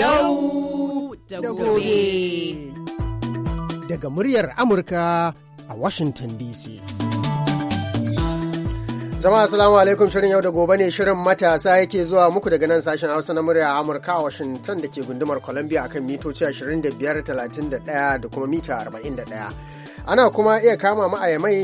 Yau da gobe. Daga muryar Amurka a Washington DC. Jama'a salamu alaikum shirin yau da gobe ne shirin matasa yake zuwa muku daga nan sashen Hausa na murya Amurka a Washington da ke gundumar Columbia akan mitoci 25, 31 da kuma mita 41. Ana kuma iya kama mu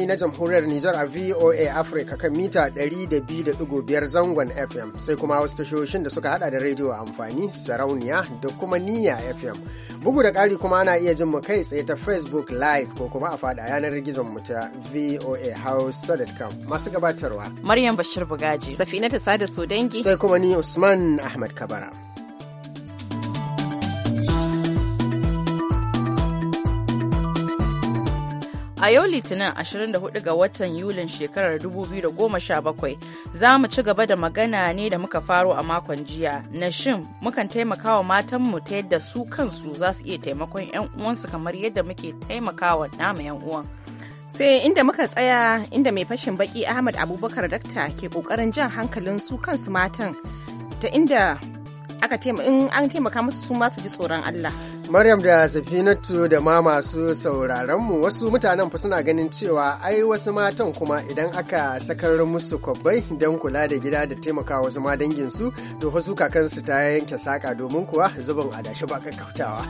na jamhuriyar Nijar a VOA Africa kan mita 200.5 zangon FM sai kuma wasu tashoshin da suka hada da rediyo amfani sarauniya da kuma niya FM. Bugu da ƙari kuma ana iya jin mu kai tsaye ta Facebook Live ko kuma a fada yanar gizon mu ta VOA Hausa.com masu gabatarwa. Maryam Bashir Bugaji. Safina ta sada so dangi. Sai kuma ni Usman Ahmad Kabara. A yau Litinin 24 ga watan Yulin shekarar 2017 za mu ci gaba da magana ne da muka faro a makon jiya na shin mukan taimakawa matanmu ta yadda su kansu za su iya taimakon 'yan uwansu kamar yadda muke taimakawa nama 'yan uwan. sai inda muka tsaya inda mai fashin baki ahmad abubakar dakta ke kokarin jan hankalin su kansu matan ta inda aka an taimaka musu su su ji tsoron allah Maryam da Safinatu da ma masu sauraronmu wasu mutanen fa suna ganin cewa ai wasu matan kuma idan aka sakar musu kwabbai don kula da gida da taimaka wasu ma danginsu to wasu kakansu ta yanke saƙa domin kuwa zubin adashi ba kakkautawa.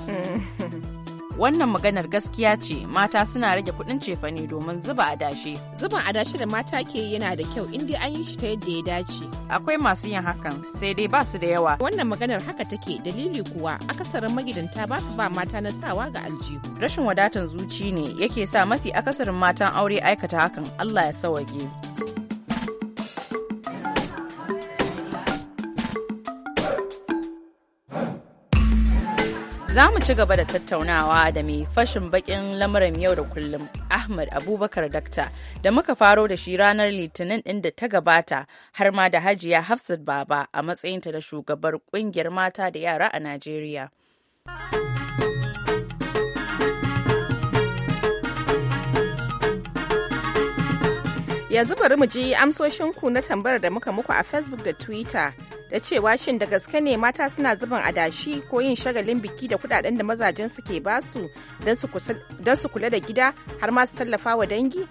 Mm. wannan maganar gaskiya ce mata suna rage kuɗin cefane domin zuba adashi. Zuban adashi da mata ke yana da kyau in an yi shi ta yadda ya dace. Akwai masu yin hakan sai dai ba su da yawa. Wannan maganar haka take dalili kuwa akasarin magidanta ba su ba mata na sawa ga aljihu. Rashin wadatan zuci ne yake sa mafi akasarin matan aure aikata hakan Allah ya sawage. Za mu ci gaba da tattaunawa da mai fashin bakin lamuran yau da kullum Ahmad Abubakar Dakta da muka faro da shi ranar Litinin ɗin da ta gabata har ma da Hajiya Hafsat Baba a matsayinta da shugabar kungiyar mata da yara a Najeriya. Yanzu bari mu ji amsoshinku na tambayar da muka muku a Facebook da Twitter. da cewa shin da gaske ne mata suna zubin adashi ko yin shagalin biki da kudaden da mazajen su ke basu don su kula da gida har ma su tallafa wa dangi?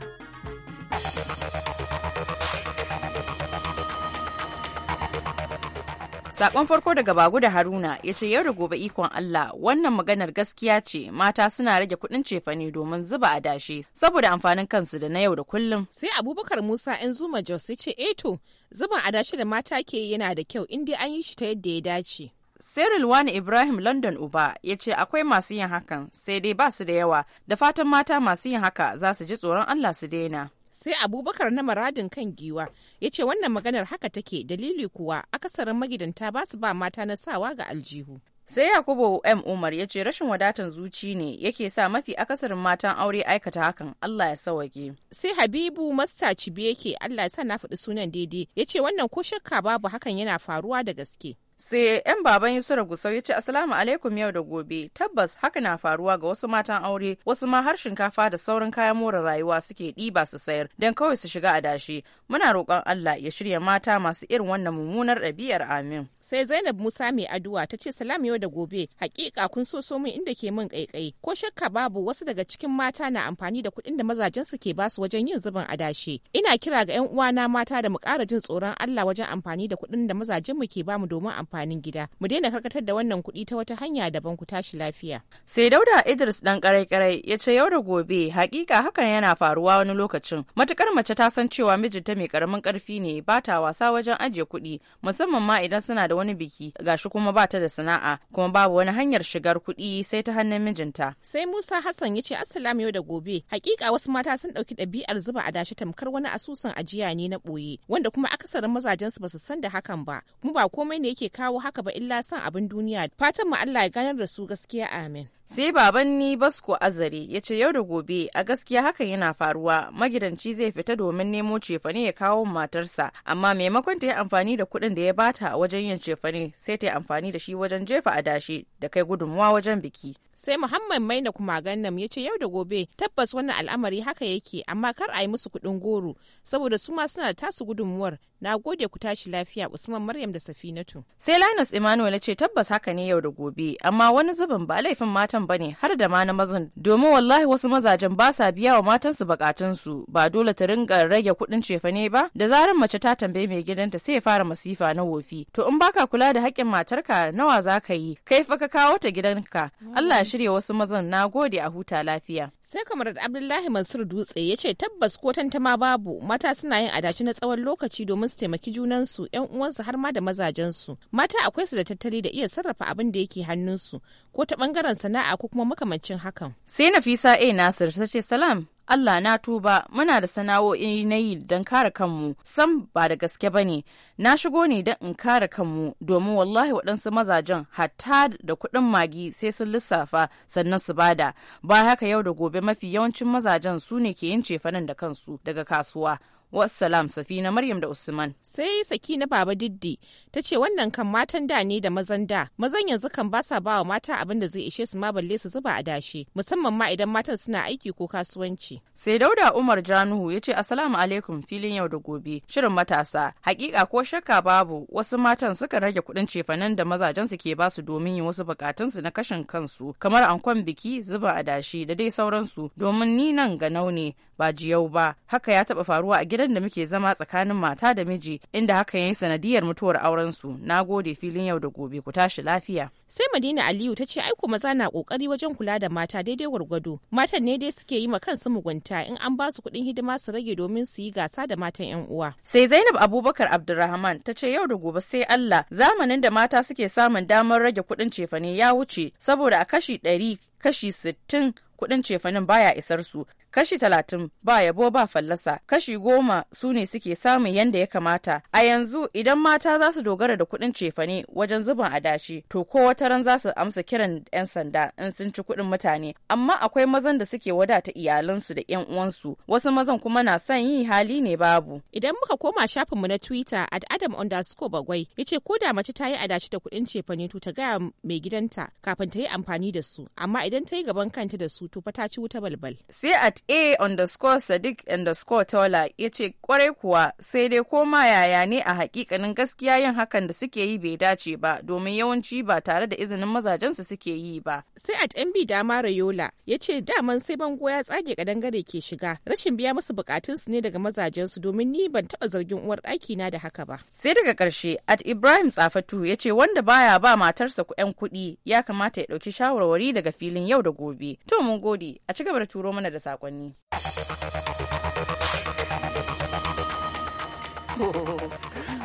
Sakon farko daga Bagu da Haruna ya ce yau da gobe ikon Allah wannan maganar gaskiya ce mata suna rage kuɗin cefane domin zuba a dashe saboda amfanin kansu da na yau da kullum. Sai Abubakar Musa ‘yan Zuma Jos ya ce eto eh zuba a dashe da mata ke yana da kyau in an yi shi ta yadda ya dace. Cyril Wani Ibrahim London Uba ya ce akwai masu yin hakan sai dai ba su da yawa da fatan mata masu yin haka za su ji tsoron Allah su daina. sai abubakar na maradin kan giwa ya ce wannan maganar haka take dalili kuwa akasarin magidanta ba su ba mata na sawa ga aljihu sai yakubu m umar ya ce rashin wadatan zuci ne yake sa mafi akasarin matan aure aikata hakan allah ya sawake sai habibu masta cibi yake allah ya sa na faɗi sunan daidai ya ce wannan ko shakka babu hakan yana faruwa da gaske sai yan baban yusura gusau ya ce asalamu alaikum yau da gobe tabbas haka na faruwa ga wasu matan aure wasu ma har shinkafa da sauran kayan more rayuwa suke ɗiba su sayar don kawai su shiga adashi muna roƙon allah ya shirya mata masu irin wannan mummunar ɗabi'ar amin sai zainab musa mai addu'a ta ce salam yau da gobe hakika kun so so min inda ke min kaikai ko shakka babu wasu daga cikin mata na amfani da kuɗin da mazajen su ke basu wajen yin zubin adashi ina kira ga yan uwana mata da mu ƙara jin tsoron allah wajen amfani da kuɗin da mazajen mu ke bamu domin amfanin gida mu daina karkatar da wannan kuɗi ta wata hanya daban ku tashi lafiya sai dauda idris dan karai-karai ya ce yau da gobe hakika hakan yana faruwa wani lokacin matukar mace ta san cewa mijinta mai karamin karfi ne ba ta wasa wajen ajiye kuɗi musamman ma idan suna da wani biki gashi kuma ba ta da sana'a kuma babu wani hanyar shigar kuɗi sai ta hannun mijinta sai musa hassan ya ce assalamu yau da gobe hakika wasu mata sun ɗauki ɗabi'ar zuba adashi tamkar wani asusun ajiya ne na ɓoye wanda kuma akasarin ba su san da hakan ba kuma ba komai ne yake kawo haka ba illa son abin duniya fatan mu Allah ya ganar da su gaskiya amin sai baban ni basko azare ya ce yau da gobe a gaskiya hakan yana faruwa magidanci zai fita domin nemo cefane ya kawo matarsa amma maimakon ta yi amfani da kuɗin da ya bata wajen yin cefane sai ta yi amfani da shi wajen jefa adashi da kai gudunmuwa wajen biki sai muhammad maina kuma gannam ya ce yau da gobe tabbas wannan al'amari haka yake amma kar a yi musu kuɗin goro saboda su ma suna da tasu gudunmuwar na gode ku tashi lafiya usman maryam da safinatu sai linus emmanuel ce tabbas haka ne yau da gobe amma wani zubin ba laifin matan ba ne har da ma na mazan domin wallahi wasu mazajen ba sa biya wa matansu bukatunsu ba dole ta ringa rage kuɗin cefane ba da zarar mace ta tambaye mai gidanta sai ya fara masifa na wofi to in baka kula da haƙƙin matarka nawa za ka yi kai fa ka kawo ta gidanka mm. Allah shirya wasu mazan na gode a huta lafiya. Sai kamar da Abdullahi Mansur Dutse ya ce tabbas ko tantama babu mata suna yin adaci na tsawon lokaci domin su taimaki junansu yan uwansu har ma da mazajensu. Mata akwai su da tattali da iya sarrafa abin da yake hannunsu ko ta bangaren sana'a ko kuma makamancin hakan. Sai Nafisa A Nasir ta ce salam Allah na tuba muna da sana'o'i na yi don kare kanmu sam ba da gaske ba ne na shigo ne don in kare kanmu domin wallahi waɗansu mazajen hatta da kuɗin magi sai sun lissafa sannan su bada ba haka yau da gobe mafi yawancin mazajen su ne ke yin cefanen da kansu daga kasuwa Wassalam Safina Maryam da Usman. Sai Sakina Baba Diddi ta ce wannan kan matan da ne da mazan da. Mazan yanzu kan ba sa bawa mata abin da zai ishe su ma balle su zuba a dashe musamman ma idan matan suna aiki ko kasuwanci. Sai Dauda Umar Januhu ya ce Assalamu alaikum filin yau da gobe shirin matasa. Hakika ko shakka babu wasu matan sukan rage kuɗin cefanen da mazajen su ke ba su domin yin wasu bukatun su na kashin kansu kamar ankon biki zuba a dashe da dai sauransu domin ni nan ga ne ba jiyau ba haka ya taba faruwa a gidan da muke zama tsakanin mata da miji inda hakan yayi sanadiyar mutuwar auren su gode filin yau da gobe ku tashi lafiya sai madina aliyu ta ce aiko maza na kokari wajen kula da mata daidai gwargwado matan ne dai suke yi ma kansu mugunta in an ba su kuɗin hidima su rage domin su yi gasa da matan yan uwa sai zainab abubakar abdulrahman ta ce yau da gobe sai allah zamanin da mata suke samun damar rage kuɗin cefane ya wuce saboda a kashi ɗari kashi sittin kuɗin cefanen baya isar su kashi talatin ba yabo ba fallasa kashi goma su ne suke samun yanda ya kamata a yanzu idan mata za su dogara da kuɗin cefane wajen zuban adashi to ko wata ran za su amsa kiran 'yan sanda in sun ci kuɗin mutane amma akwai mazan da suke wadata iyalansu da 'yan uwansu wasu mazan kuma na son yi hali ne babu idan muka koma shafin mu na twitter at adam underscore bagwai ya ce ko da mace ta yi adashi da kuɗin cefane to ta gaya mai gidanta kafin ta yi amfani da su amma idan ta yi gaban kanta da su to fa ta ci wuta balbal sai at a underscore sadiq underscore tola ya ce kwarai kuwa sai dai koma yaya ne a hakikanin gaskiya yin hakan da suke yi bai dace ba domin yawanci ba tare da izinin mazajensu suke yi ba sai at mb dama rayola ya ce daman sai bango ya tsage kadangare ke shiga rashin biya musu bukatunsu ne daga mazajensu domin ni ban taba zargin uwar ɗaki na da haka ba sai daga karshe at ibrahim tsafatu ya ce wanda baya ba matarsa yan kuɗi ya kamata ya ɗauki shawarwari daga filin yau da gobe to mun gode a ci gaba da turo mana da saƙon wasanni.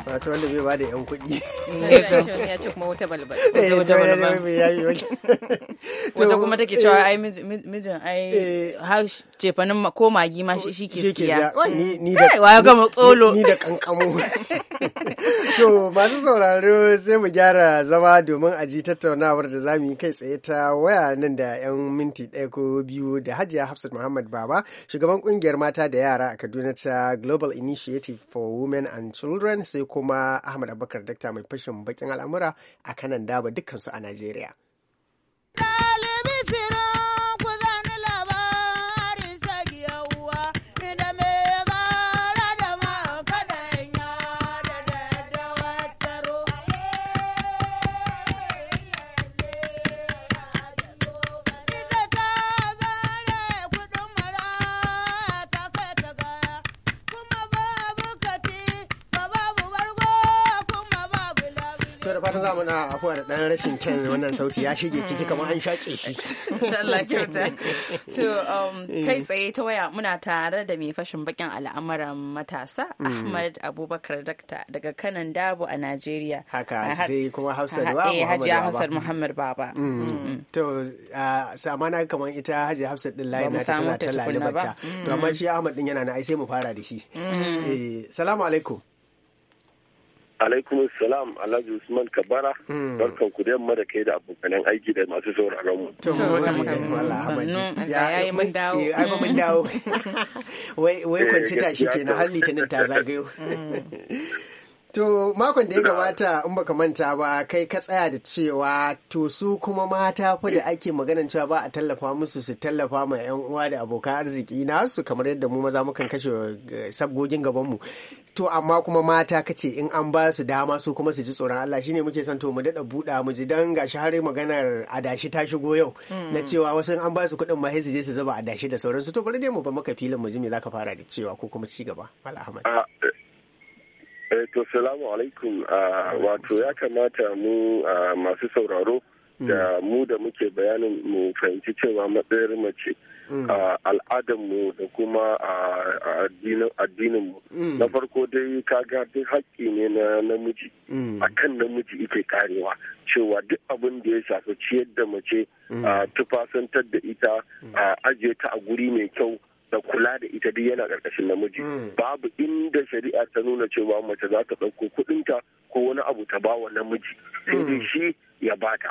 wato wanda bai ba da yan kuɗi ya kuma take cewa eh, ai eh, cefanin ko magi ma shi ke siya ni da wa gama tsolo ni da kankamu to masu sauraro sai mu gyara zama domin aji tattaunawar da zamu yi kai tsaye ta waya nan da yan minti ɗaya ko biyu da Hajiya Hafsat Muhammad Baba shugaban kungiyar mata da yara a Kaduna ta Global Initiative for Women and Children sai kuma Ahmad Abubakar dakta mai fashin bakin al'amura a kanan daba dukkan a Najeriya. za mu na afuwa da ɗan rashin kyan wannan sauti ya shige ciki kamar an shaƙe shi. Allah kyauta. To um, eh. kai tsaye ta waya muna tare da mai fashin bakin al'amuran matasa mm. Ahmad Abubakar Dakta daga kanan Dabo a Najeriya. Haka sai kuma Hafsat Baba. Eh Hajiya Hafsat Muhammad Baba. Mm. Mm. To samana kamar ita Hajiya Hafsat din layi na ta tana ta lalibarta. To amma shi Ahmad din yana na ai sai mu fara da shi. Eh, salamu alaikum. alaikum salam alhaji usman kabara hmm. barkan ku da yamma da kai da abokanan aiki da masu sauraron mu to ya yi mun dawo eh, dawo wai wai eh, kwanci tashi kenan har litinin ta zagayo hmm. To makon da ya gabata in baka manta ba kai ka tsaya da cewa to su kuma mata fa da ake maganan cewa ba a tallafa musu su tallafa ma yan uwa da abokan arziki nasu kamar yadda mu maza mukan kashe eh, sabgogin gaban mu. To amma kuma mata kace in an ba su dama su kuma su ji tsoron Allah shine muke son to mu dada buɗa mu ji dan gashi har maganar adashi ta shigo yau na hmm. cewa wasu an ba su kuɗin ma sai su je su zaba adashi da sauransu to bari dai mu ba maka filin mu ji me zaka fara da cewa ko kuma ci gaba Mal Eh, to salamu alaikum ah, wato ya kamata mu ah, masu sauraro mm. da mu da muke bayanin mu fahimci cewa matsayar mace mm. ah, al'adarmu da kuma mu mm. na farko dai kaga duk haƙƙi ne na namiji a kan namiji ike karewa cewa duk abin da ya shafi ciyar da mace tufasantar da ita a ajiye ta a guri mai kyau da kula da ita duk yana ƙarƙashin namiji mm. babu inda shari'a ta nuna cewa mace za ta ɗauko kuɗinta ko wani abu ta ba wa namiji sai dai mm. shi ya bata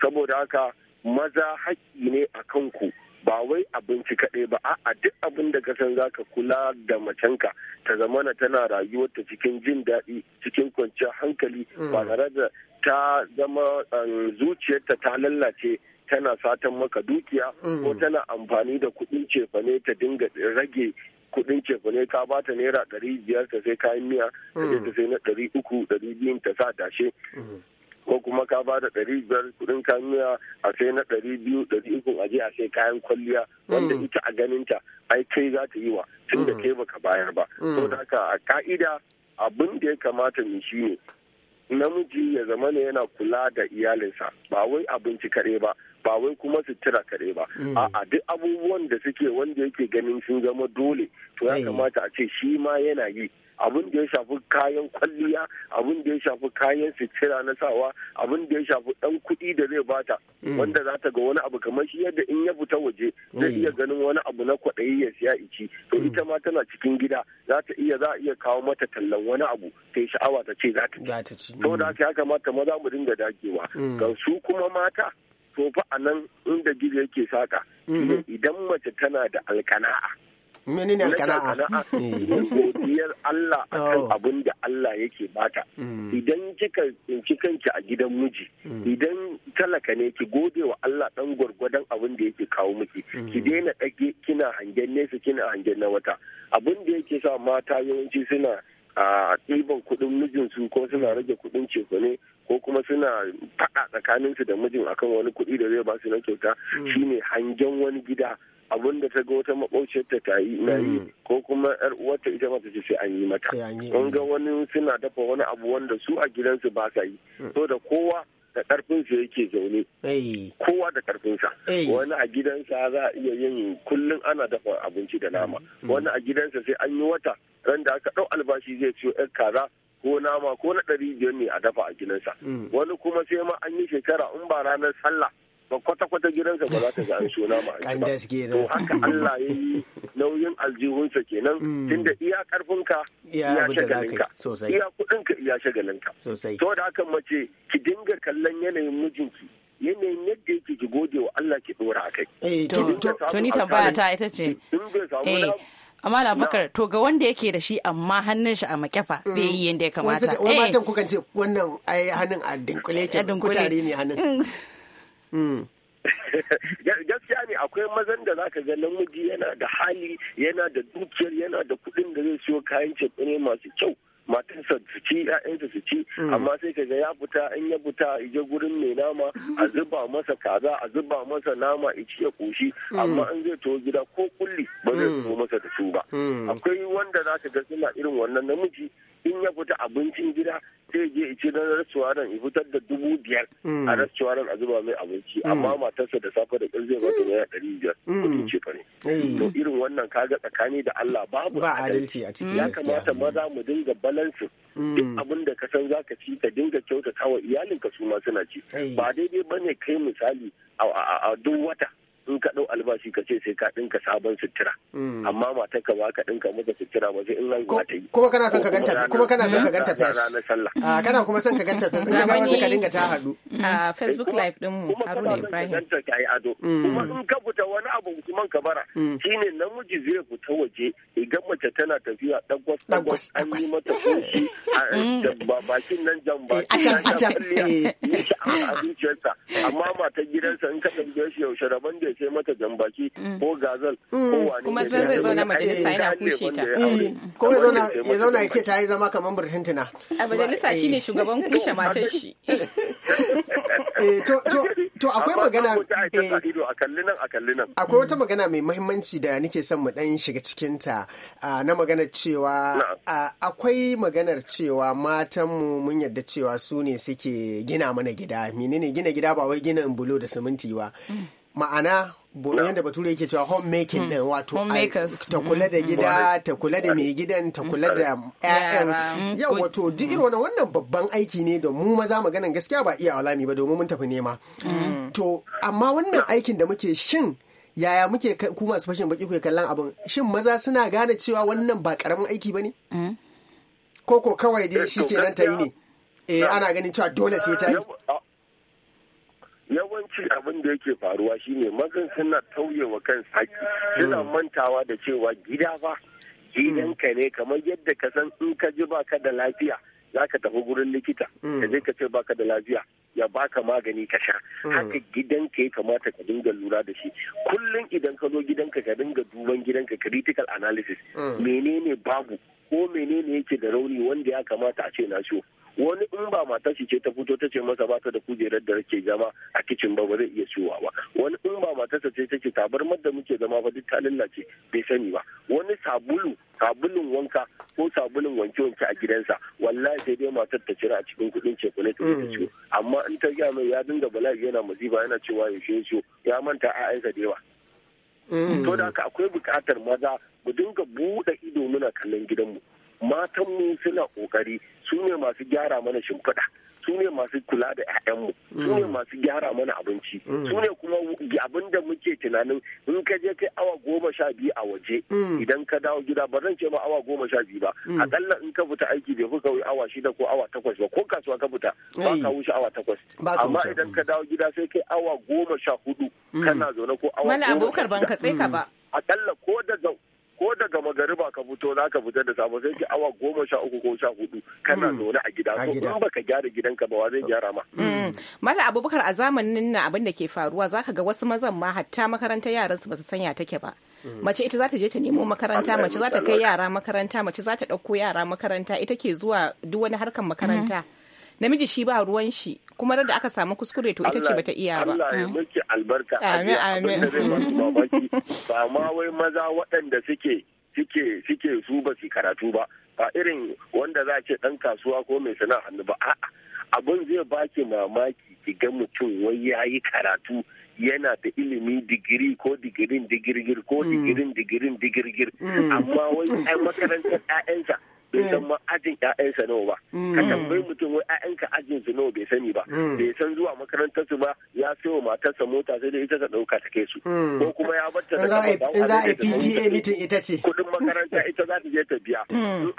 saboda haka maza haƙƙi ne a kan ku ba wai abinci kaɗai ba a duk abin da ka san zaka kula da macenka ta zamana tana rayuwarta cikin jin daɗi cikin kwanciyar hankali ba mm. tare da ta zama um, zuciyarta ta lallace tana satan maka dukiya ko mm. tana amfani da kuɗin cefane ta dinga rage kuɗin cefane ka ba ta naira ɗari biyar ta sai kayan miya ta mm. sai na ɗari uku ɗari biyun ta sa dashe mm. ko kuma ka ba da ɗari biyar kudin kayan miya a sai na ɗari biyu ɗari uku je a sai kayan kwalliya wanda ita a ganinta ai kai za ta yi wa tun da kai baka bayar ba da haka a ka'ida abin da ya kamata mu shi ne namiji ya zama ne yana kula da iyalinsa ba wai abinci kaɗai ba ba wai kuma tira kaɗai ba mm. a duk abubuwan da suke wanda yake ganin sun zama dole to ya mm. kamata a ce shi ma yana yi abin da ya shafi kayan kwalliya abin da ya shafi kayan sitira na sawa abin da ya shafi dan kuɗi da zai bata mm. wanda za ta ga wani abu kamar shi yadda in ya fita waje zai iya ganin wani abu na kwaɗayi ya siya ici to ita ma tana cikin gida za ta iya za iya kawo mata tallan wani abu sai sha'awa ta ce za ta ci to da ya kamata maza mu dinga dakewa ga su kuma mata tofa a nan inda gizo yake saka mhm. idan mace tana da alkana'a ne alkana'a godiyar Allah akan oh. abin da Allah yake bata mm. idan kika tsinci kanki a gidan miji mm. idan talaka ne ki gode wa Allah ɗan gwargwadon abin da yake kawo miki mm. ki daina ɗage kina hangen nesa kina hangen na wata abin da yake sa mata yawanci suna a ɗiban kuɗin mijinsu ko suna rage kuɗin ceto ne ko kuma suna faɗa tsakaninsu da mijin akan wani kuɗi da zai ba su na kyauta hmm. shine hangen wani gida abun da ta ga wata maɓauciyar ta ta yi na yi hmm. ko kuma yar uwarta ita mata ce sai an yi mata an hmm. wani suna dafa wani abu wanda su a gidansu ba sa yi to da kowa da karfin su yake zaune kowa da karfin sa wani a gidansa za a iya yin kullum ana dafa abinci da nama mm-hmm. wani a gidansa sai an yi wata randa aka ɗau albashi zai ciyo yan kaza ko nama ko na ɗari biyar ne a dafa a gidansa mm. wani kuma sai ma an yi shekara in ba ranar sallah ba kwata-kwata gidansa ba za ta ga suna ma an ba to haka Allah ya yi nauyin aljihunsa kenan mm. tunda iya karfinka iya shagalinka iya kudinka iya shagalinka to da haka mace ki dinga kallon yanayin mijinki yanayin yadda yake ki gode wa Allah ki dora a kai. Eh, to ni tambaya ta ita ce eh amma bakar to ga wanda yake da shi amma hannun shi a makyafa mm. bai yi yadda ya kamata. wani eh. matan kukan ce wannan ai hannun a dinkule ke kutare ne hannun. Mm. Mm. gaskiya ne akwai mazan da zaka ga namiji yana da hali yana da dukiyar yana da kuɗin da zai siyo kayan cefane masu kyau matarsa su ci ya'yansa su ci mm. amma sai ka ga ya fita in ya fita ije gurin mai nama a zuba masa kaza a zuba masa nama a ci ya koshi mm. amma an zai to gida ko kulli ba zai zo masa da su ba akwai wanda zaka ga suna irin wannan namiji in ya fita abincin gida sai je ice na restaurant ya fitar da dubu biyar mm. a restaurant a zuba mai abinci mm. amma matarsa da safe da ƙarfe ba ta naira ɗari biyar mm. kudin ce ne to irin wannan kaga tsakani da Allah babu ba adalci a ciki ya kamata maza mu dinga balansin duk abin da ka san za ka ci ka dinga kyautata wa iyalinka su ma suna ci ba daidai ba ne kai misali a duk wata in ka ɗau albashi ka ce sai ka ɗinka sabon sutura mm. amma matar ka ba ka ɗinka mata sutura ba sai in nan ta yi kuma kana son ka ganta kuma kana son ka ganta fes a ah, kana kuma son ka ganta fes in ga wasu ka dinga ta haɗu mm. a ah, facebook live din mu haruna ibrahim kuma kana ta ado mm. kuma in ka fita wani abu kuma ka kabara shine namiji zai fita waje idan mace tana tafiya dagwas dagwas an yi mata kunshi a eh, bakin nan jamba a can a can eh. a zuciyarsa amma matar gidansa in ka tambaye shi yaushe rabon da ya ce mata jambaki ko gazal ko wani kuma zai zauna majalisa yana kushe ta ko ya zauna ya zauna ya ce ta yi zama kamar burtuntuna a majalisa shine shugaban kushe matar shi to akwai magana akwai wata magana mai muhimmanci da nake son mu dan shiga cikin ta na magana cewa akwai maganar cewa matanmu mun yadda cewa su ne suke gina mana gida menene gina gida ba wai gina bulo da siminti ba ma'ana yadda bature yake cewa homemaking hmm. din wato ta kula da hmm. gida ta kula da mai gidan ta kula da 'ya'yan hmm, yau wato duk irin wannan babban aiki ne da mu maza maganan gaskiya ba iya alami ba domin mun tafi nema to amma wannan aikin da muke shin yaya muke ku masu fashin baki kuke kallon abin shin maza suna gane cewa wannan ba karamin aiki ba ne koko kawai dai eh, shi nan ta yi ne eh ana ganin cewa dole sai ta yi yawanci abin da yake faruwa shine mazan suna tauyewa kan saki suna hmm. mantawa da cewa gida ba gidanka hmm. ne kamar yadda ka san in ka ji baka da lafiya za ka tafi gurin likita ka je hmm. ka ce baka da lafiya ya baka magani ka sha haka gidanka ya kamata ka dinga lura da shi kullum idan ka zo gidanka ka dinga duban gidanka critical analysis menene babu ko menene yake da rauni wanda ya kamata a ce na ciwo wani in ba matar shi ce ta fito ta ce masa bata da kujerar da rake zama a kicin ba ba zai iya siyowa ba wani in ba matarsa ce ta ce tabarmar da muke zama ba duk ta lallace bai sani ba wani sabulu sabulun wanka ko sabulun wanke wanke a gidansa wallahi sai dai matar ta cira a cikin kuɗin cekule ta ce mm. amma in ta gaya mai ya dinga bala'i yana masifa yana cewa ya shi ya manta a ka da yawa mm. to da haka akwai bukatar maza mu dinga buɗe ido muna kallon gidanmu matanmu suna kokari su ne masu gyara mana shimfiɗa su ne masu kula da 'ya'yanmu su ne mm. masu gyara mana abinci su mm. ne kuma abin da muke tunanin in ka je kai awa goma sha biyu a waje mm. idan ka dawo gida ba zan ce ma awa goma sha biyu ba akalla in ka fita aiki bai kuka kawai awa shida ko awa takwas ba ko kasuwa ka fita ba ka wuce awa takwas amma idan ka dawo gida sai kai awa goma sha hudu kana zaune ko awa goma sha ba akalla ko da ko daga magariba ka fito za ka fita da safe sai ki awa goma sha uku ko sha hudu kana mm. zaune a gida so in baka gyara gidan ka ba wa zai gyara ma. Mm. Mm. Mala Abubakar a zamanin nan abin da ke faruwa za ka ga wasu mazan ma hatta makarantar yaran su basu sanya take ba. Mace ita za ta je ta nemo makaranta, mace za ta kai yara makaranta, mace za ta ɗauko yara makaranta, ita ke zuwa duk wani harkan makaranta. Mm-hmm. namiji shi ba ruwan shi kuma da aka samu kuskure to ita ce bata iya ba Allah ya ah. miki albarka amin amin ba ma wai maza waɗanda suke suke suke su ba su karatu ba ba irin wanda za ce dan kasuwa ko mai sana'a hannu ba a'a abin zai baki mamaki ki ga mutum wai yayi karatu yana da ilimi digiri ko digirin digirgir ko mm. digirin digirin digirgir mm. amma wai ai makarantar 'ya'yansa bai san eh. ma ajin ƴaƴansa nawa ba mm. ka mm. tambayi mutum wai ƴaƴanka ajin su nawa bai sani ba mm. bai san zuwa makarantar su ba ya sayo matarsa mota sai dai ita ta dauka ta kai su ko kuma ya bar ta da in za a PTA meeting ita ce kudin makaranta ita za ta je ta biya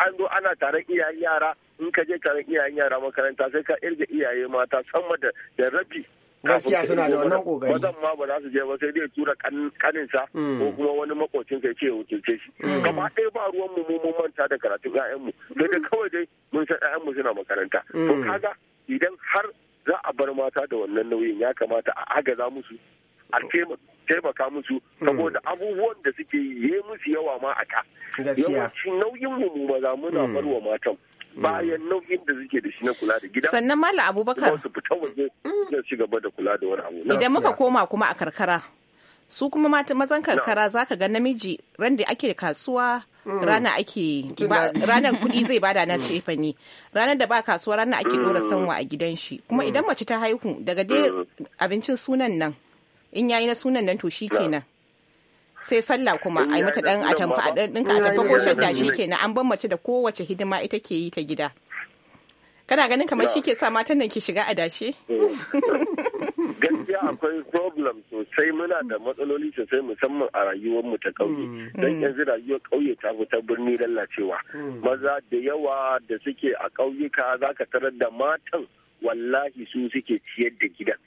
an zo ana taron iyayen yara in ka je taron iyayen yara makaranta sai ka irga iyaye mata sama da rabi gaskiya suna da wannan kokari wajen ma ba za su je ba sai dai tura kanin sa. Mm. ko kuma wani makocin sai ce ya wakilce shi mm. gaba ɗaya ba ruwan mu mun manta da karatun mu sai dai mm. kawai dai mun san mu suna makaranta to kaga idan har za a bar mata da wannan nauyin ya kamata a agaza musu a taimaka musu saboda abubuwan da suke yi musu yawa ma a ta yawancin nauyin mu mu maza muna wa matan bayan nau'in da suke da shi na kula da gida sannan Malam abubakar Wasu fita waje mm. zai ci gaba da kula da wani abu idan muka koma kuma a karkara su kuma mazan karkara za ka ga namiji ran da ake kasuwa mm. rana ake ranar kuɗi zai bada na mm. cefani ranar da ba kasuwa ranar ake dora sanwa a gidan shi kuma idan mace ta haihu daga dai abincin sunan nan in yayi na sunan nan to shi kenan sai sallah kuma a yi mata dan tamfa a ɗinka a atamfa ko shadda an ban mace da kowace hidima ita ke yi ta gida kana ganin kamar shi ke sa matan nan ke shiga a dashe eh. gaskiya akwai problem sosai muna da matsaloli sosai musamman a rayuwar mu ta kauye hmm. don hmm. yanzu rayuwar kauye ta fi ta birni lallacewa hmm. maza da yawa da suke a kauyuka zaka tarar da matan wallahi su suke ciyar da gidan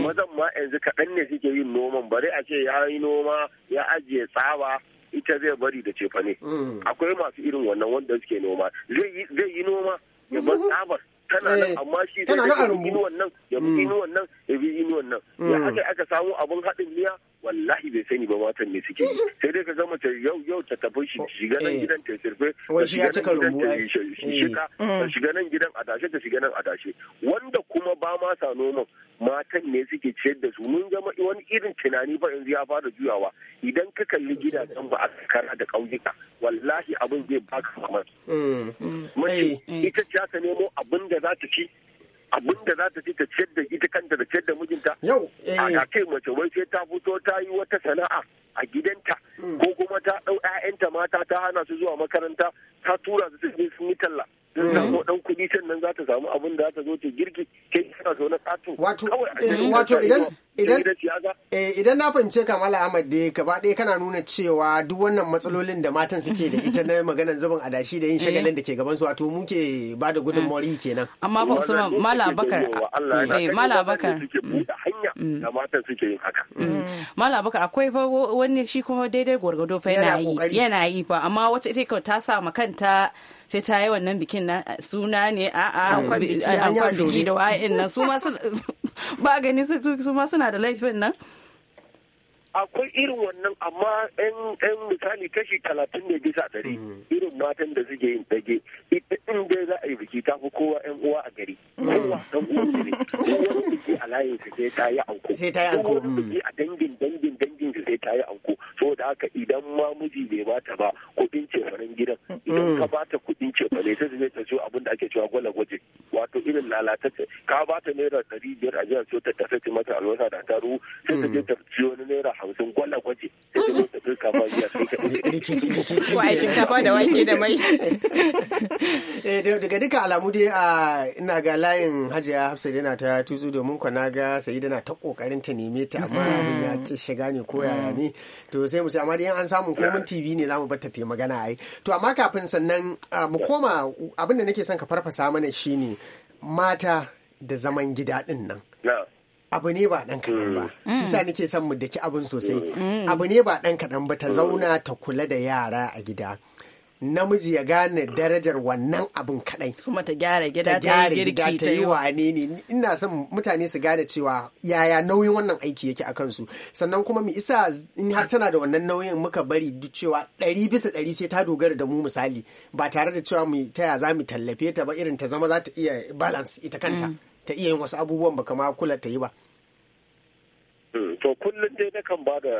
mazan ma yanzu kaɗan ne suke yin noman bari a ce ya yi noma ya ajiye tsaba ita zai bari da cefa ne mm. akwai masu irin wannan wanda suke noma zai yi noma ya bar mm-hmm. tsabar tana nan eh, amma shi zai yi wannan ya bi mm. wannan ya bi wannan. ya mm. aka aka samu abin haɗin miya wallahi bai sani ba matan ne suke sai dai ka zama ta yau yau ta tafi shi eh. mm. shiga nan gidan ta sirfe ta shiga nan gidan ta shika ta shiga nan gidan adashe ta shiga nan adashe wanda kuma ba ma sa noman matan ne suke ciyar da su mun zama wani irin tunani ba yanzu ya fara juyawa idan ka kalli gidajen ba a kara da ƙauyuka wallahi abin zai baka mamaki mm. mace eh. ita ce ta nemo abin da za ta ci abin da za ta ci ta ciyar da ita kanta da ciyar da mijinta yau a eh. kai mace wai sai ta fito ta yi wata sana'a a gidanta hmm. ko kuma ta ɗau 'ya'yanta mata ta hana su zuwa makaranta ta tura su sai sun yi talla don hmm. samu dan kuɗi sannan za ta samu abin da za ta zo ta girki kai tana zaune ƙato wato eh, wato idan Eh, idan na fahimce ka Mala Ahmad gaba ɗaya kana nuna cewa duk wannan matsalolin da matan suke da ita na maganan zubin adashi da yin eh. shagalin da ke gaban su wato muke ba da gudun mori eh. kenan. Amma ba Usman Mala Bakar. Mala Bakar. Mala Bakar akwai fa wani shi kuma daidai gwargwado fa yana yi yana yi fa amma wata ita ta sa ma kanta sai ta yi wannan bikin na suna ne a'a mm. ankwan biki da wa'in nan su ma ba gani su ma suna da laifin nan? akwai irin wannan amma yan misali kashi talatin da bisa ɗari mm. irin matan da suke yin dage ita in dai za a yi biki ta fi kowa yan uwa a gari kowa mm. dan uwa ne wani biki a layin su sai ta yi anko sai ta yi anko wani biki a dangin dangin dangin su sai ta yi anko saboda haka idan ma miji bai bata ba kuɗin cefanen gidan idan mm. ka bata kuɗin cefane sai su zai ta ciwo abin da ake cewa gwala gwaje wato irin lalatacce ka ba ta naira ɗari biyar a jihar kyautar ta sai mata albasa da ruwa sai ta je ta ciyo naira hamsin gwalla gwaje sai ta shinkafa jiya kai a shinkafa da wake da mai. Eh, daga duka alamu dai a ina ga layin Hajiya Hafsat yana ta tuzu domin kwa na ga sai na ta kokarin ta neme ta amma abin ya ki shiga ne ko yaya ne. To sai mu ce amma dai an samu komin TV ne zamu bar ta ta magana ai. To amma kafin sannan mu koma abin da nake son ka farfasa mana shine mata da zaman gida din nan. abu ne ba ɗan kaɗan ba mm. shi sa mm. nake son mu daki abin sosai mm. abu ne ba ɗan kaɗan ba ta zauna ta kula da yara a gida namiji ya gane darajar wannan abin kadai kuma ta gyara gida ta girki ta yi wane ne ina son mutane su gane cewa yaya nauyin wannan aiki yake a kansu sannan kuma mu isa in har tana da wannan nauyin muka bari duk cewa ɗari bisa ɗari sai ta dogara da mu misali ba tare da cewa mu ya za mu tallafe ta ba irin ta zama za ta iya balance ita kanta ta iya yin wasu abubuwan ba kama kula ta yi ba hmm, to kullum dai na kan ba da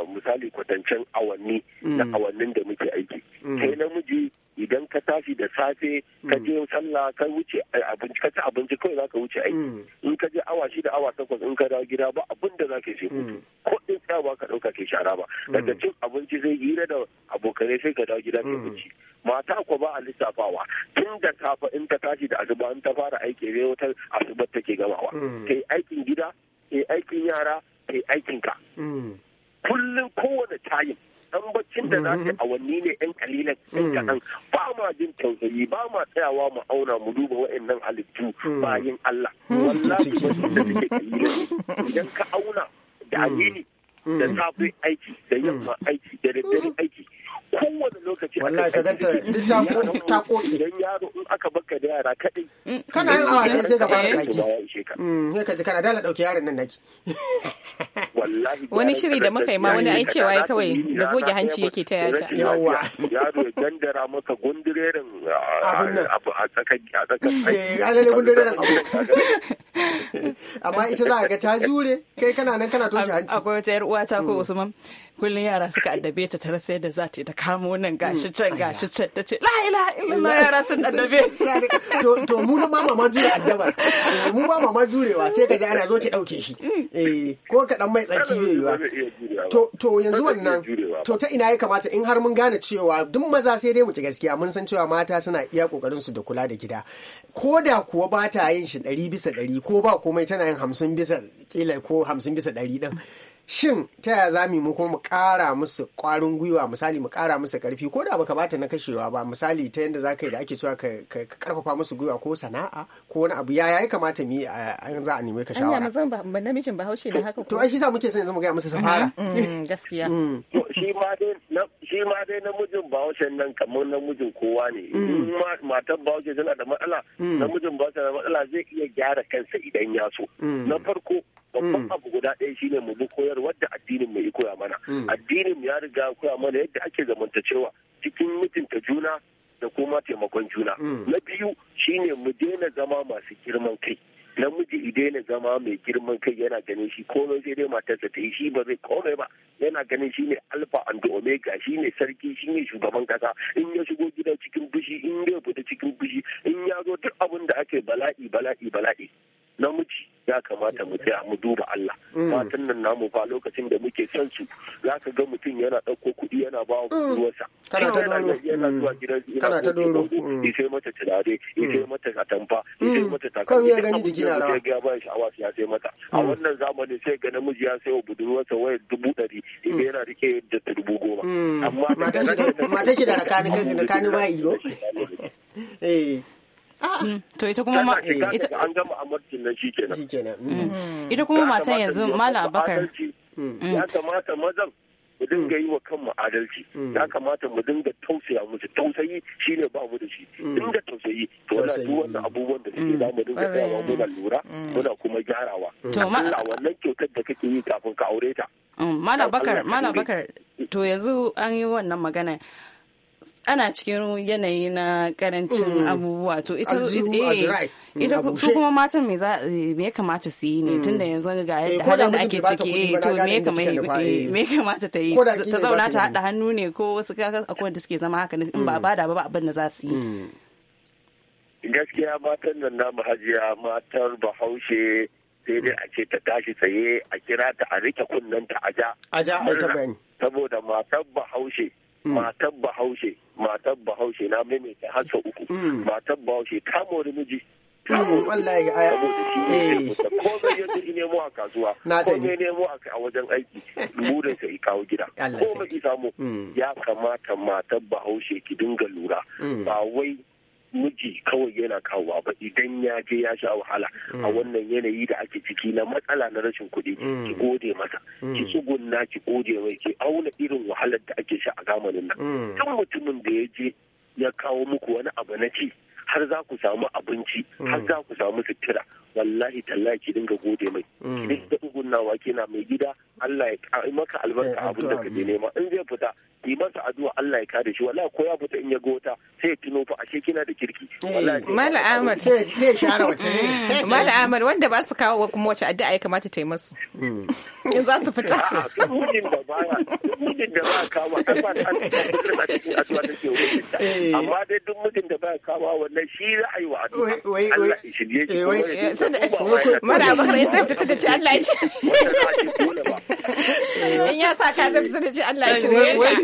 uh, misali kwatancen awanni na hmm. awannin da muke aiki hmm. kai namiji idan ka tafi da safe ka je sallah ka wuce uh, abinci ka ci abinci kawai zaka wuce aiki in ka je awa shida awa takwas in ka dawo gida ba abin da zaka yi hutu ko din ba ka dauka ke shara ba daga cin abinci sai hira da abokanai sai ka dawo gida ka wuce mata ko ba a lissafawa tun da safa in ta tashi da azuba in ta fara aiki ne wata asubar take gamawa hmm. kai aikin gida kai aikin yara kai aikin ka hmm. kullum kowane tayin dan baccin da za ta hmm. awanni ne yan kalilan yan kaɗan ba ma jin tausayi ba ma tsayawa mu auna mu duba wa'annan halittu bayan Allah wallahi su da suke kalilan idan ka auna da amini da safe aiki da yamma aiki da daddare aiki kowane lokaci a kai ta koki ta yaro in aka baka da yara kadai mm, kana yin awa sai ka fara tsaki mm, sai ka ji kana dala yaron nan naki wallahi wani shiri da muka yi ma wani ai cewa ya kawai da goge hanci yake ta yata yawa yaro ya dandara masa gundurerin abin nan a tsakan a tsakan eh alale gundurerin abu amma ita za ka ga ta jure kai kana nan kana toshe hanci akwai yar uwa ta ko mm. Usman kullum yara suka addabe ta ta sai da za ta ta kamo nan gashi can gashi can ta ce la ilaha illallah yara sun addabe to to mu na mama ma jure addabar mu ba mama jurewa sai ka ji ana zo ki dauke shi eh ko ka dan mai tsarki ne yiwa to to yanzu wannan to ta ina ya kamata in har mun gane cewa duk maza sai dai mu ci gaskiya mun san cewa mata suna iya kokarin su da kula da gida ko da kuwa ba ta yin shi ɗari bisa ɗari ko ba komai tana yin hamsin bisa kila ko hamsin bisa ɗari ɗin shin ta yaya za mu kuma mu ƙara musu ƙwarin gwiwa misali mu ƙara musu ƙarfi ko da baka bata na kashewa ba misali ta yadda za ka yi da ake cewa ka ƙarfafa musu gwiwa ko sana'a ko wani abu yaya ya kamata mu yi an za a nemi ka shawara. Allah mazan ba namijin bahaushe da haka. To ai shi sa muke son yanzu mu gaya musu safara. Mm, mm, mm, gaskiya. Shi ma dai shi ma dai namijin bahaushe nan kamar namijin kowa ne. Matan bahaushe tana da matsala namijin bahaushe da matsala zai iya gyara kansa idan ya so. Na farko babban mm. abu guda ɗaya shine mu bi koyarwar da addinin mu ya koya mana mm. addinin ya riga koya mana yadda ake zamantacewa cikin mutunta juna da kuma taimakon juna mm. na biyu shine mu daina zama masu girman kai namiji idan zama mai girman kai yana ganin shi komai sai dai matarsa ta yi shi ba zai komai ba yana ganin shi ne alfa and omega shi ne sarki shi ne shugaban kasa in ya shigo gida cikin bishi in ya fita cikin bishi in ya zo duk abin da ake bala'i bala'i bala'i namiji ya kamata mu sai mu duba Allah mm. matan nan namu fa lokacin da muke son su za ka ga mutum yana ɗauko kuɗi yana ba wa mm. budurwarsa kana ta doro yana zuwa mm. gidan kana ta doro in sai mata tunare in sai mata atamfa in sai mata takalmi kan ya gani jiki na ya ba shi awa ya sai mata a wannan zamanin sai ga namiji ya sai wa budurwarsa wayar dubu ɗari in yana rike da dubu goma amma matan shi da rakani rakani ba iyo eh Mm. to ita kuma ma ita an gama amurkin nan shi kenan mm. mm. ita kuma matan yanzu malam abakar ya kamata mazan mu dinga yi wa kanmu adalci ya kamata mu dinga tausaya musu tausayi shine ba mu da shi dinga tausayi to wala duk wannan abubuwan da suke da mu dinga tsayawa muna lura muna kuma gyarawa Allah wannan kyautar da kake yi kafin ka aure ta Malam Bakar, Malam Bakar, to yanzu an yi wannan magana. ana cikin yanayi na karancin mm. abubuwa to ita eh, ita mm, su kuma matan me za eh, me ya kamata su yi ne mm. tunda yanzu ga eh, yadda da ake ciki to me ya kamata me ya kamata ta yi ta zauna ta hada hannu ne ko wasu kaka akwai da suke zama haka in ba bada ba abin da za su yi gaskiya matan nan na hajiya matar bahaushe sai dai a ce ta tashi tsaye a kira ta a rike kunnen ta aja aja ai ta saboda matar bahaushe Mm. matar bahaushe matar bahaushe na maimaita har sau uku mm. matar bahaushe ta mori miji mm, wallahi a ko zai yadda mu a kasuwa ko zai mu a wajen aiki burin sa kawo gida ko mai samu ya kamata matar bahaushe ki dinga lura ba wai miji kawai yana kawowa ba idan ya je ya sha wahala a mm. wannan yanayi da ake ciki na matsala na rashin kuɗi ki mm. gode masa ki mm. tsugunna ki gode mai ki auna irin wahalar da ake sha a zamanin nan kan mutumin da ya je ya kawo muku wani abu na ci har za ku samu abinci har za ku samu sutura wallahi tallahi ki dinga gode mai ki mm. dinga tsugunawa kina mai gida Allah ya kai maka albarka eh, abin da kake nema in zai fita ki masa addu'a Allah ya kare shi wallahi ko ya fita in ya ga wata sai ya tuno fa ashe kina da kirki eh. wallahi mala ahmad sai sai share wace mm. mala ahmad wanda ba su kawo kuma wace addu'a ya kamata ta yi musu mm. in za su fita mutum da baya mutum da ba kawo an ba ta a cikin addu'a da ke wurin amma dai duk mutum da ba kawo wannan shi za a yi wa addu'a Allah ya shirye shi eh, fita da mara bakar ya fita da ci Allah shi in ya sa ka zai fita da ci Allah ya shirye wai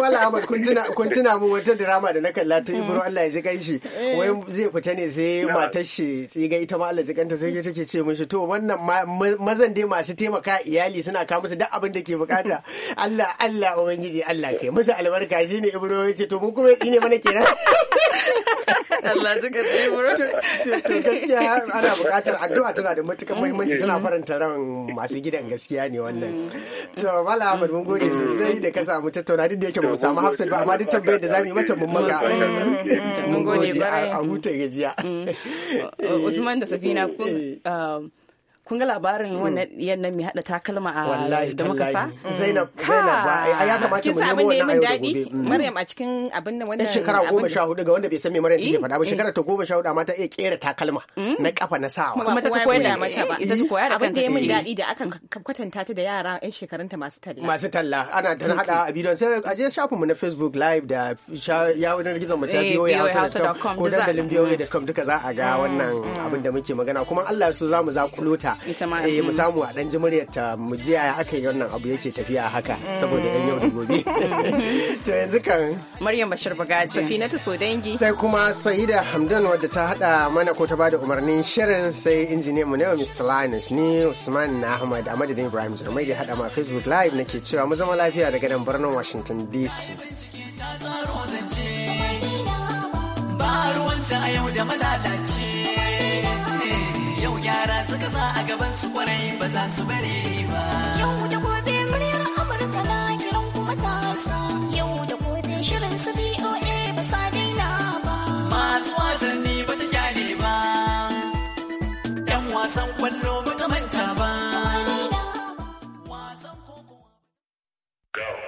wala Ahmad kun tuna kun tuna mu wata drama da na kalla ta Ibro Allah ya ji kanshi eh. wai zai fita ne sai matar shi tsiga ita ma Allah ji kanta sai ya take ce mishi to wannan mazan dai masu taimaka iyali suna ka musu duk abin da ke bukata Allah Allah ubangiji Allah kai musu albarka shine Ibro ya ce to mun kuma ne mana kenan Allah ji ka To gaskiya ana buƙatar addu'a tana da matukar muhimmanci tana mm. faranta ran masu gidan gaskiya ne wannan. Mm. To Mala Ahmad mun gode mm. sosai da ka samu tattauna duk da yake mu samu Hafsat ba amma duk tambayar da za mu yi mata mun maka. Mun gode a huta gajiya. Usman da Safina kun eh. um, kun ga labarin mm. wannan yannan mai hada takalma a da muka sa mm. Zainab Zainab ba ya kamata mu nemo wannan ayo gobe mm. Maryam a cikin abin nan wannan shekara 14 ga wanda bai san me Maryam take faɗa ba shekara ta 14 ma ta iya kera takalma na kafa na sawa kuma ta koya da mata ba ita ta koya da kanta abin da ya min daɗi da akan kwatanta ta da yara yan shekarunta masu talla masu talla ana ta hada a bidiyon sai a je shafin mu na Facebook live da yawanar gizon mu ta biyo ya hausa.com ko dandalin biyo.com duka za a ga ah. wannan abin da muke magana kuma Allah ya so za mu zakulo eh mu mm. samu a dan jimuryar ta mu ji yaya yi wannan abu yake tafiya haka mm. saboda yan yau da gobe mm-hmm. to yanzu kan Maryam Bashir Bagaji Safina ta so dangi sai kuma Saida Hamdan wadda ta haɗa mana ko ta bada umarnin shirin sai injiniyan mu ne Mr. Linus ni Usman Ahmad Ahmad da Ibrahim mai da hada ma Facebook live nake cewa mu zama lafiya daga nan birnin Washington DC ba ruwanta a yau da malalaci yau gyara suka sa a gaban su kwarai ba za su bare ba yau da gobe muryar amurka na kiran kuma ta yau da gobe shirin su boa ba sa daina ba masu wasanni ba ta kyale ba yan wasan kwallo ba